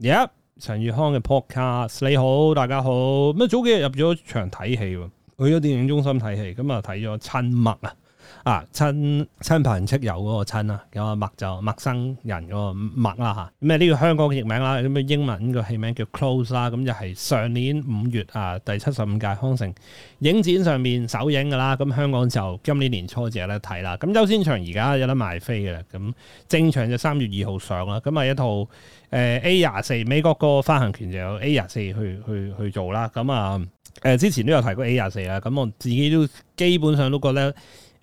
而家、yep，陳宇康嘅 podcast 你好，大家好。咁啊早幾日入咗場睇戲喎，去咗電影中心睇戲，咁啊睇咗親密啊。啊，親親朋戚友嗰個親啦，有阿麥就陌生人嗰個麥啦嚇。咩呢個香港嘅譯名啦，咁嘅英文個戲名叫 Close 啦，啊，咁就係上年五月啊，第七十五屆康城影展上面首映噶啦。咁、啊、香港就今年年初就有得睇啦。咁、啊、優先場而家有得賣飛嘅，咁正場就三月二號上啦。咁啊一套誒、呃、A 廿四美國個發行權就有 A《A 廿四去去去做啦。咁啊誒、呃、之前都有提過 A 廿四啦，咁我自己都基本上都覺得。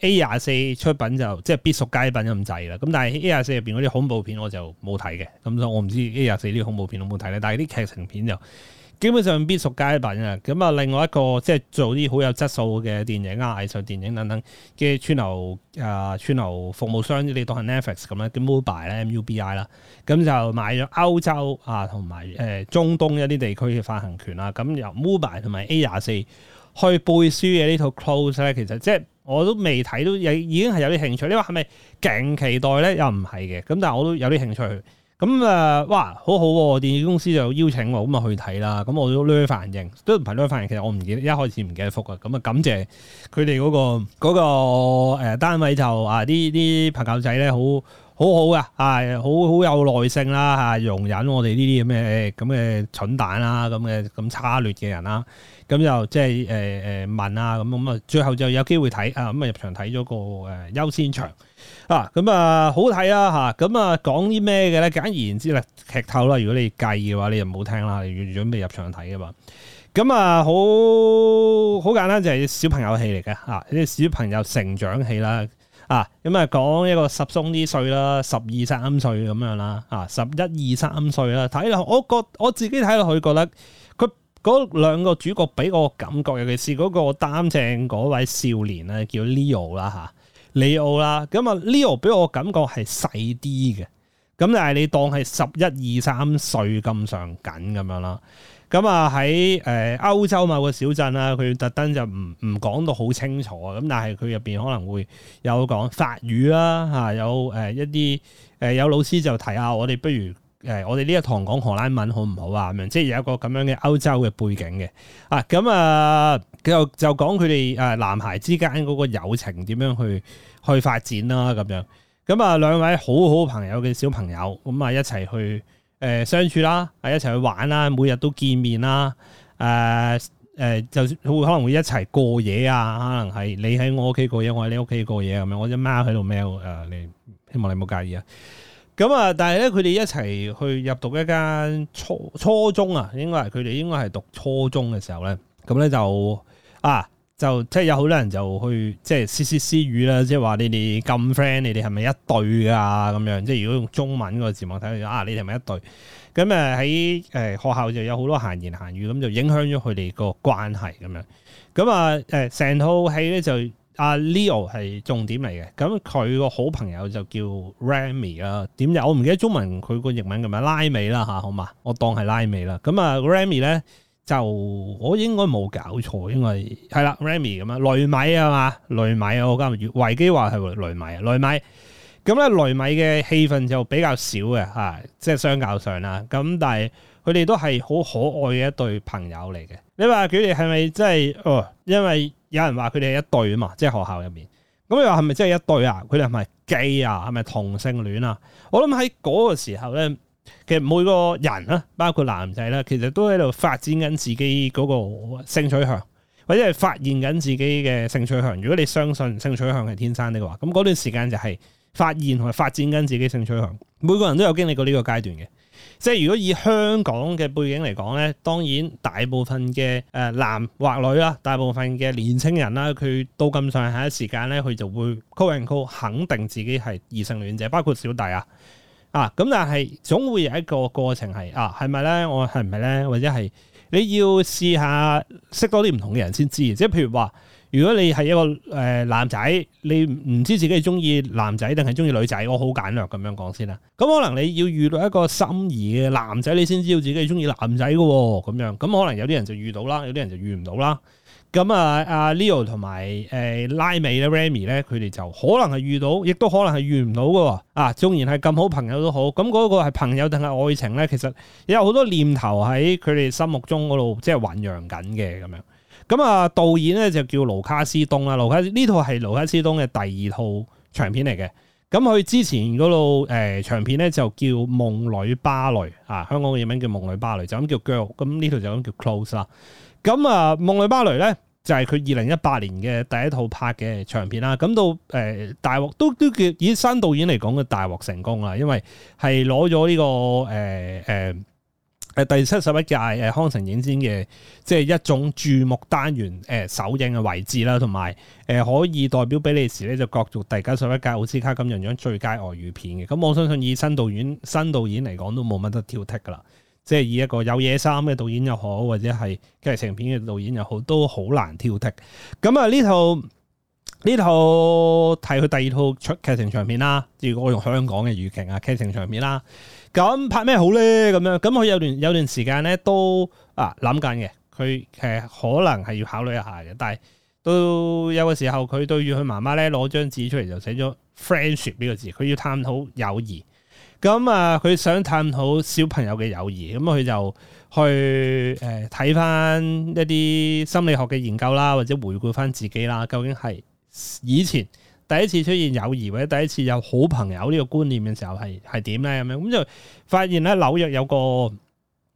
A 廿四出品就即係必屬佳品咁滯啦，咁但係 A 廿四入邊嗰啲恐怖片我就冇睇嘅，咁所以我唔知 A 廿四呢啲恐怖片有冇睇咧。但係啲劇情片就基本上必屬佳品啊！咁啊，另外一個即係做啲好有質素嘅電影、啊、藝術電影等等嘅串流啊、串流服務商，你當係 Netflix 咁咧，叫 Mubi 啦、Mubi 啦，咁就買咗歐洲啊同埋誒中東一啲地區嘅發行權啦。咁由 Mubi 同埋 A 廿四去背書嘅呢套 Close 咧，其實即係。我都未睇到，已已經係有啲興趣。你話係咪勁期待咧？又唔係嘅。咁但係我都有啲興趣。咁誒、呃，哇，好好喎、啊！電影公司就邀請我，咁啊去睇啦。咁我都略略 reaction，都唔係 reaction。其實我唔記得，一開始唔記得復啊。咁啊，感謝佢哋嗰個嗰、嗰個單位就啊啲啲朋友仔咧，好。好好噶，啊，好好有耐性啦，係，容忍我哋呢啲咁嘅咁嘅蠢蛋啦，咁嘅咁差劣嘅人啦，咁就即係誒誒問啊，咁咁啊，最後就有機會睇啊，咁、嗯、啊入場睇咗個誒優先場啊，咁啊好睇啦嚇，咁啊講啲咩嘅咧？簡而言之啦，劇透啦，如果你計嘅話，你就唔好聽啦，你準備入場睇㗎嘛，咁、嗯、啊好好簡單就係、是、小朋友戲嚟嘅嚇，啲、啊、小朋友成長戲啦。啊，咁啊，講一個十鬆啲歲啦，十二三歲咁樣啦，啊，十一二三歲啦，睇落我覺，我自己睇落去覺得佢嗰兩個主角俾我感覺，尤其是嗰個擔正嗰位少年咧、啊，叫 Leo 啦、啊、吓，里奧啦，咁啊，Leo 俾我感覺係細啲嘅。咁但係你當係十一二三歲咁上緊咁樣啦。咁啊喺誒、呃、歐洲某個小鎮啊，佢特登就唔唔講到好清楚。啊。咁但係佢入邊可能會有講法語啦、啊，嚇、啊、有誒、呃、一啲誒、呃、有老師就提下我哋不如誒、呃、我哋呢一堂講荷蘭文好唔好啊？咁樣即係有一個咁樣嘅歐洲嘅背景嘅啊。咁啊，佢就就講佢哋誒男孩之間嗰個友情點樣去去發展啦、啊、咁樣。咁啊，兩位好好朋友嘅小朋友，咁啊一齊去誒相處啦，啊一齊去玩啦，每日都見面啦，誒、呃、誒、呃，就算佢會可能會一齊過夜啊，可能係你喺我屋企過夜，我喺你屋企過夜咁樣，我隻貓喺度喵誒，你希望你唔好介意啊。咁、嗯、啊，但係咧，佢哋一齊去入讀一間初初中啊，應該係佢哋應該係讀初中嘅時候咧，咁咧就啊。就即係有好多人就去即係私私私語啦，即係話你哋咁 friend，你哋係咪一對㗎咁樣？即係如果用中文個字幕睇到啊，你哋係咪一對？咁誒喺誒學校就有好多閒言閒語，咁就影響咗佢哋個關係咁樣。咁、呃、啊誒成套戲咧就阿 Leo 係重點嚟嘅，咁佢個好朋友就叫 Remy 啦。點就我唔記得中文佢個譯文咁樣，拉尾啦嚇，好嘛？我當係拉尾啦。咁啊 Remy 咧。就我應該冇搞錯，因為係啦，Remy 咁樣，雷米啊嘛，雷米我今日維基話係雷米啊，雷米咁、啊、咧，雷米嘅戲份就比較少嘅嚇、啊，即係相較上啦。咁、啊、但係佢哋都係好可愛嘅一對朋友嚟嘅。你話佢哋係咪即係哦？因為有人話佢哋係一對啊嘛，即係學校入面。咁你話係咪即係一對啊？佢哋係咪 gay 啊？係咪同性戀啊？我諗喺嗰個時候咧。其實每個人啦，包括男仔啦，其實都喺度發展緊自己嗰個性取向，或者係發現緊自己嘅性取向。如果你相信性取向係天生嘅話，咁嗰段時間就係發現同埋發展緊自己性取向。每個人都有經歷過呢個階段嘅。即係如果以香港嘅背景嚟講咧，當然大部分嘅誒男或女啦，大部分嘅年青人啦，佢都咁上下一時間咧，佢就會高人高肯定自己係異性戀者，包括小弟啊。啊！咁但係總會有一個過程係啊，係咪咧？我係唔係咧？或者係你要試下識多啲唔同嘅人先知，即係譬如話。如果你係一個誒、呃、男仔，你唔知自己係中意男仔定係中意女仔，我好簡略咁樣講先啦。咁、嗯、可能你要遇到一個心儀嘅男仔，你先知道自己係中意男仔嘅喎、哦。咁樣咁、嗯、可能有啲人就遇到啦，有啲人就遇唔到啦。咁、嗯、啊，阿 Leo 同埋誒拉美咧，Remy 咧，佢哋就可能係遇到，亦都可能係遇唔到嘅。啊，縱然係咁好朋友都好，咁、嗯、嗰、那個係朋友定係愛情咧，其實有好多念頭喺佢哋心目中嗰度，即係醖釀緊嘅咁樣。咁啊，導演咧就叫盧卡斯東啦，盧卡斯呢套係盧卡斯東嘅第二套長片嚟嘅。咁佢之前嗰套誒長片咧就叫夢裏芭蕾啊，香港嘅譯名叫夢裏芭蕾，就咁叫 Girl 叫。咁呢套就咁叫 Close 啦。咁啊，夢裏芭蕾咧就係佢二零一八年嘅第一套拍嘅長片啦。咁到誒、呃、大獲都都叫以新導演嚟講嘅大獲成功啦，因為係攞咗呢個誒誒。呃呃誒第七十一屆誒康城影展嘅即係一種注目單元誒、呃、首映嘅位置啦，同埋誒可以代表比利時咧就角逐第九十一屆奧斯卡金像獎最佳外語片嘅。咁我相信以新導演新導演嚟講都冇乜得挑剔噶啦，即係以一個有野心嘅導演又好，或者係劇情片嘅導演又好，都好難挑剔。咁啊呢套。呢套睇佢第二套出劇情場面啦，即係如果我用香港嘅語劇啊，劇情場面啦。咁拍咩好咧？咁樣咁佢有段有段時間咧都啊諗緊嘅，佢其實可能係要考慮一下嘅。但係都有個時候，佢對住佢媽媽咧攞張紙出嚟就寫咗 friendship 呢個字，佢要探討友誼。咁啊，佢想探討小朋友嘅友誼。咁啊，佢就去誒睇翻一啲心理學嘅研究啦，或者回顧翻自己啦，究竟係。以前第一次出現友誼或者第一次有好朋友呢個觀念嘅時候係係點咧？咁樣咁就發現咧，紐約有個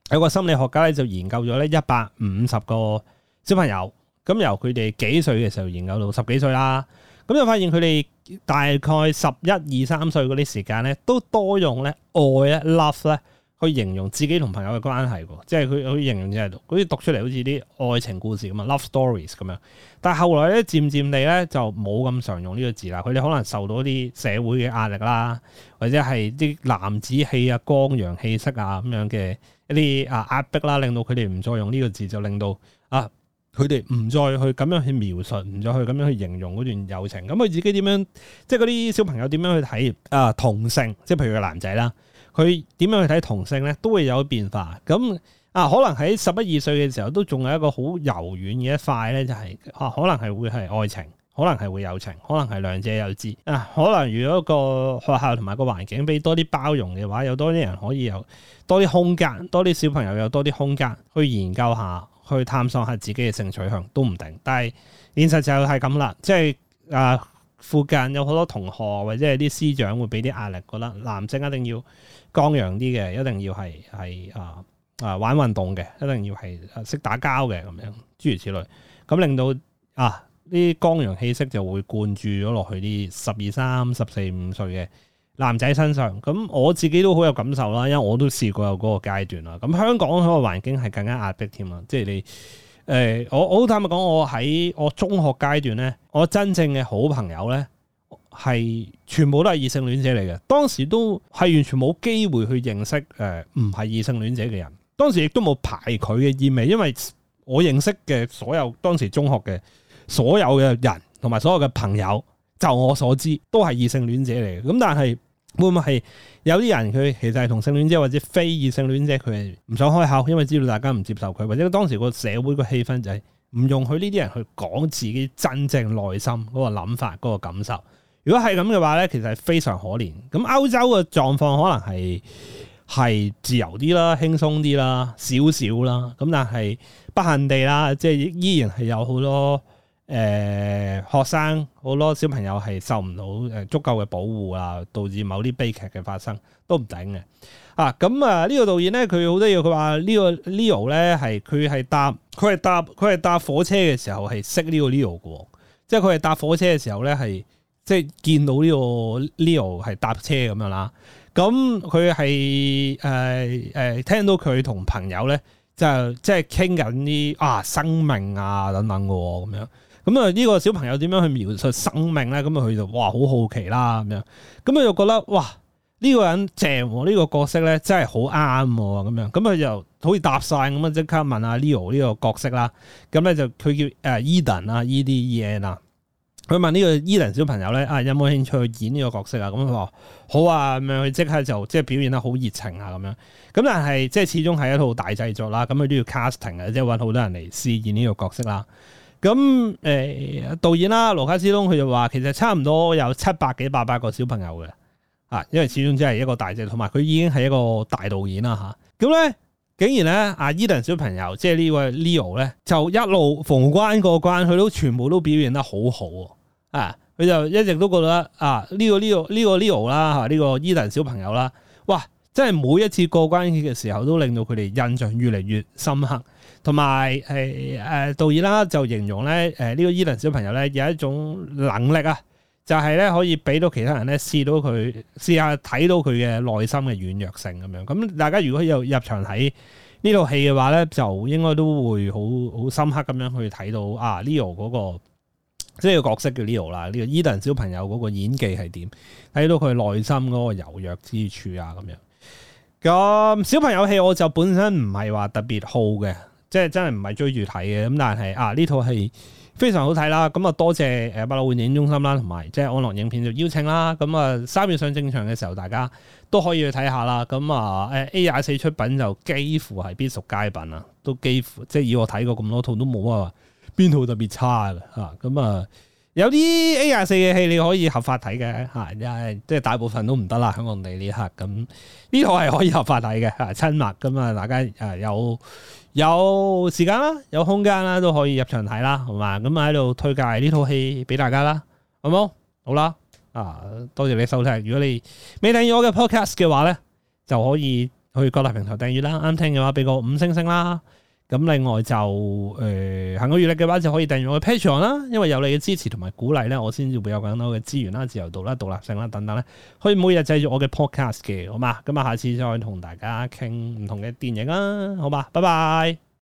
有個心理學家咧，就研究咗咧一百五十個小朋友，咁由佢哋幾歲嘅時候研究到十幾歲啦。咁就發現佢哋大概十一二三歲嗰啲時間咧，都多用咧愛咧 love 咧。去形容自己同朋友嘅關係喎，即係佢佢形容就係好似讀出嚟好似啲愛情故事咁啊，love stories 咁樣。但係後來咧，漸漸地咧就冇咁常用呢個字啦。佢哋可能受到啲社會嘅壓力啦，或者係啲男子氣啊、剛陽氣息啊咁樣嘅一啲啊壓迫啦，令到佢哋唔再用呢個字，就令到啊佢哋唔再去咁樣去描述，唔再去咁樣去形容嗰段友情。咁佢自己點樣？即係嗰啲小朋友點樣去睇啊同性？即係譬如個男仔啦。佢點樣去睇同性咧，都會有變化。咁啊，可能喺十一二歲嘅時候，都仲有一個好柔軟嘅一塊咧，就係啊，可能係會係愛情，可能係會友情，可能係兩者有之。啊，可能如果個學校同埋個環境俾多啲包容嘅話，有多啲人可以有多啲空間，多啲小朋友有多啲空間去研究下，去探索下自己嘅性取向都唔定。但係現實就係咁啦，即係啊。附近有好多同學或者係啲師長會俾啲壓力，覺得男性一定要剛陽啲嘅，一定要係係啊啊玩運動嘅，一定要係識、啊、打交嘅咁樣，諸如此類。咁令到啊呢啲剛陽氣息就會灌注咗落去啲十二三、十四五歲嘅男仔身上。咁我自己都好有感受啦，因為我都試過有嗰個階段啦。咁香港嗰個環境係更加壓迫添啦，即係你。誒，我好坦白講，我喺我中學階段呢，我真正嘅好朋友呢，係全部都係異性戀者嚟嘅。當時都係完全冇機會去認識誒唔係異性戀者嘅人。當時亦都冇排佢嘅意味，因為我認識嘅所有當時中學嘅所有嘅人同埋所有嘅朋友，就我所知都係異性戀者嚟嘅。咁但係，會唔會係有啲人佢其實係同性戀者或者非異性戀者係佢唔想開口，因為知道大家唔接受佢，或者當時個社會個氣氛就係唔容許呢啲人去講自己真正內心嗰個諗法嗰個感受。如果係咁嘅話咧，其實係非常可憐。咁歐洲嘅狀況可能係係自由啲啦、輕鬆啲啦、少少啦。咁但係不幸地啦，即係依然係有好多。誒、嗯、學生好多小朋友係受唔到誒足夠嘅保護啊，導致某啲悲劇嘅發生都唔頂嘅啊！咁、嗯、啊，呢、呢個導演咧，佢好得意，佢話、呢個、呢個 Leo 咧係佢係搭佢係搭佢係搭，搭火車嘅時候係識呢個 Leo 嘅，即係佢係搭火車嘅時候咧係即係見到呢個 Leo 係搭車咁樣啦。咁佢係誒誒聽到佢同朋友咧就即係傾緊啲啊生命啊等等嘅咁樣。咁啊！呢個小朋友點樣去描述生命咧？咁啊，佢就哇好好奇啦咁樣。咁啊，佢就覺得哇，呢、這個人正喎，啊，呢、這個角色咧真係好啱咁樣。咁佢就好似搭晒咁啊，即刻問阿 Leo 呢個角色啦。咁咧就佢叫誒、呃、Eden 啊，e d e n 啊。佢問呢個 Eden 小朋友咧，啊、嗯、有冇興趣去演呢個角色啊？咁佢話好啊，咁樣佢即刻就即係表現得好熱情啊咁樣。咁但係即係始終係一套大製作啦，咁佢都要 casting 啊，即係搵好多人嚟試演呢個角色啦。咁誒、欸、導演啦、啊，羅卡斯通佢就話其實差唔多有七百幾八百個小朋友嘅，啊，因為始終只係一個大隻，同埋佢已經係一個大導演啦、啊、嚇。咁、啊、咧，竟然咧，阿伊頓小朋友，即係呢位 Leo 咧，就一路逢關過關，佢都全部都表現得好好啊！佢、啊、就一直都覺得啊，呢個呢個呢個 Leo 啦、啊、嚇、這、呢個伊頓小朋友啦、啊，哇，真係每一次過關嘅時候都令到佢哋印象越嚟越深刻。同埋係誒，導演啦就形容咧，誒呢個 Edan 小朋友咧有一種能力啊，就係、是、咧可以俾到其他人咧試到佢試下睇到佢嘅內心嘅軟弱性咁樣。咁大家如果有入場睇呢套戲嘅話咧，就應該都會好好深刻咁樣去睇到啊，Leo 嗰，那個即係個角色叫 Leo 啦、e，呢個 Edan 小朋友嗰個演技係點，睇到佢內心嗰個柔弱之處啊，咁樣。咁小朋友戲我就本身唔係話特別好嘅。即係真係唔係追住睇嘅，咁但係啊呢套係非常好睇啦，咁、嗯、啊多謝誒百老匯電影中心啦，同埋即係安樂影片就邀請啦，咁啊三月上正常嘅時候，大家都可以去睇下啦，咁啊誒 A24 出品就幾乎係必屬佳品啊，都幾乎即係以我睇過咁多套都冇啊邊套特別差嘅嚇，咁啊。啊嗯嗯有啲 A 廿四嘅戲你可以合法睇嘅吓，即係即係大部分都唔得啦，香港地呢刻。咁呢套係可以合法睇嘅吓，親、啊、密噶嘛、啊，大家誒有有時間啦，有空間啦，都可以入場睇啦，好嘛。咁喺度推介呢套戲俾大家啦，好冇？好啦，啊，多謝你收聽。如果你未訂閱我嘅 podcast 嘅話咧，就可以去各大平台訂閱啦。啱聽嘅話，俾個五星星啦。咁另外就誒、呃，行有餘力嘅話，就可以訂閱我嘅 Patreon 啦，因為有你嘅支持同埋鼓勵咧，我先至會有更多嘅資源啦、自由度啦、獨立性啦等等咧，可以每日製造我嘅 podcast 嘅，好嘛？咁啊，下次再同大家傾唔同嘅電影啦，好嘛？拜拜。